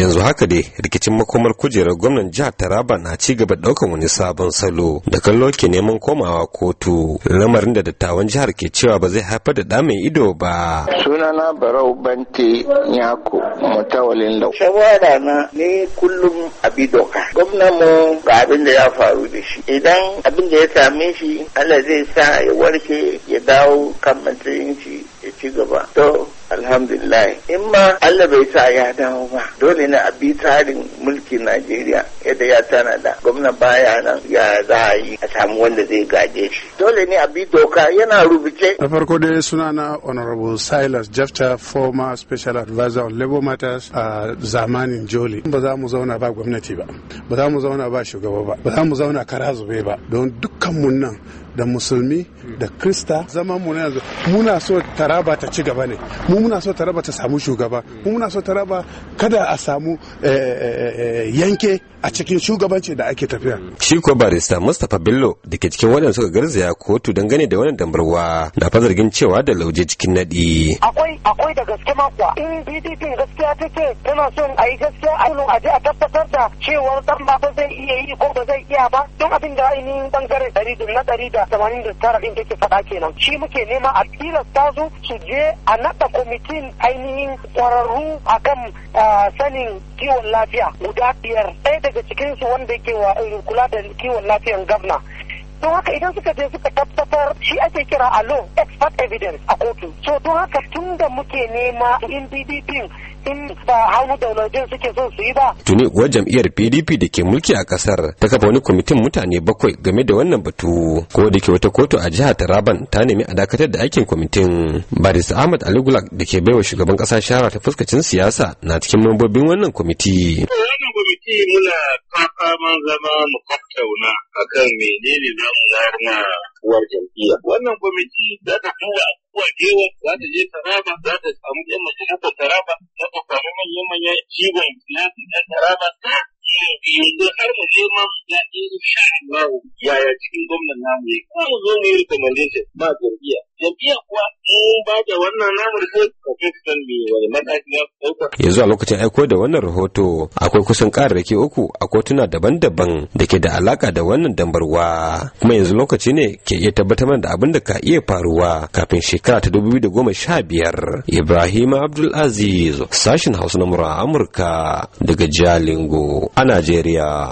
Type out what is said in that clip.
yanzu haka dai rikicin makomar kujerar gwamnan jihar taraba na ci gaba daukan wani sabon salo da kallo ke neman komawa kotu lamarin da dattawan jihar ke cewa ba zai haifar da da mai ido ba sunana barau bante nyako mutawalin lau shawara na ne kullum abi doka gwamna mu ga abin da ya faru da shi idan abin da ya same shi allah zai sa ya warke ya dawo kan matsayin shi ya ci gaba to alhamdulillah in ma Allah bai sa ya dawo ba dole ne a bi tsarin mulkin Najeriya yadda ya tana da. gwamna baya nan ya za a yi a samu wanda zai gaje shi dole ne a bi doka yana rubuce na farko dai sunana honorable Silas Jefta former special advisor on labor matters a zamanin Joli ba za mu zauna ba gwamnati ba ba za mu zauna ba shugaba ba ba za mu zauna kara zube ba don dukkan mun nan da musulmi da krista zaman mu yanzu muna so taraba ta ci gaba ne mu muna so taraba ta samu shugaba mu muna so taraba kada a samu eh, eh, eh, yanke a cikin shugabanci da ake tafiya shi ko barista mustapha bello da ke cikin wadanda suka garzaya kotu dangane da wannan damarwa na fa zargin cewa da lauje cikin nadi. akwai akwai da gaske ma kuwa in pdp gaskiya take tana son a yi gaskiya a a je a tabbatar da cewar dan ba zai iya yi ko ba zai iya ba don abin da ainihin bangare ɗari na ɗari da tamanin da tara ɗin take faɗa kenan shi muke nema a tilasta su su je a naɗa kwamitin ainihin ƙwararru a kan sanin kiwon lafiya guda biyar ɗaya daga cikinsu wanda ke wa eh, kula da kiwon lafiyan gabna don haka idan suka je suka tabbatar shi ake kira a law expert evidence a kotu so don haka tun da muke nema in pdp in ba hannu wajen suke so su yi ba. Tuni kuwa jam'iyyar PDP da ke mulki a kasar ta kafa wani kwamitin mutane bakwai game da wannan batu ko da ke wata kotu a jihar Taraban ta nemi a dakatar da aikin kwamitin. Baris Ahmad Ali Gulak da ke baiwa shugaban kasa shara ta fuskacin siyasa na cikin mambobin wannan kwamiti. ce muna man zama mu tattauna akan menene za mu zama uwar jam'iyya. Wannan kwamiti za ta duba abubuwa da yawa za ta je taraba za ta samu yan majalisar taraba za ta samu manyan manyan jigon siyasa na taraba za yanzu har mu je ma mu ga irin sha yaya cikin gwamnan namu ya kuma mu zo mu yi recommendation ba jam'iyya jam'iyyar kuwa ba da wannan namu san wani mataki ya ɗauka. yanzu a lokacin aiko da wannan rahoto akwai kusan ƙararraki uku a kotuna daban-daban da ke da alaƙa da wannan dambarwa kuma yanzu lokaci ne ke iya tabbatar da abin da ka iya faruwa kafin shekara ta dubu da goma sha biyar ibrahim abdulaziz sashen hausa na mura amurka daga jalingo a najeriya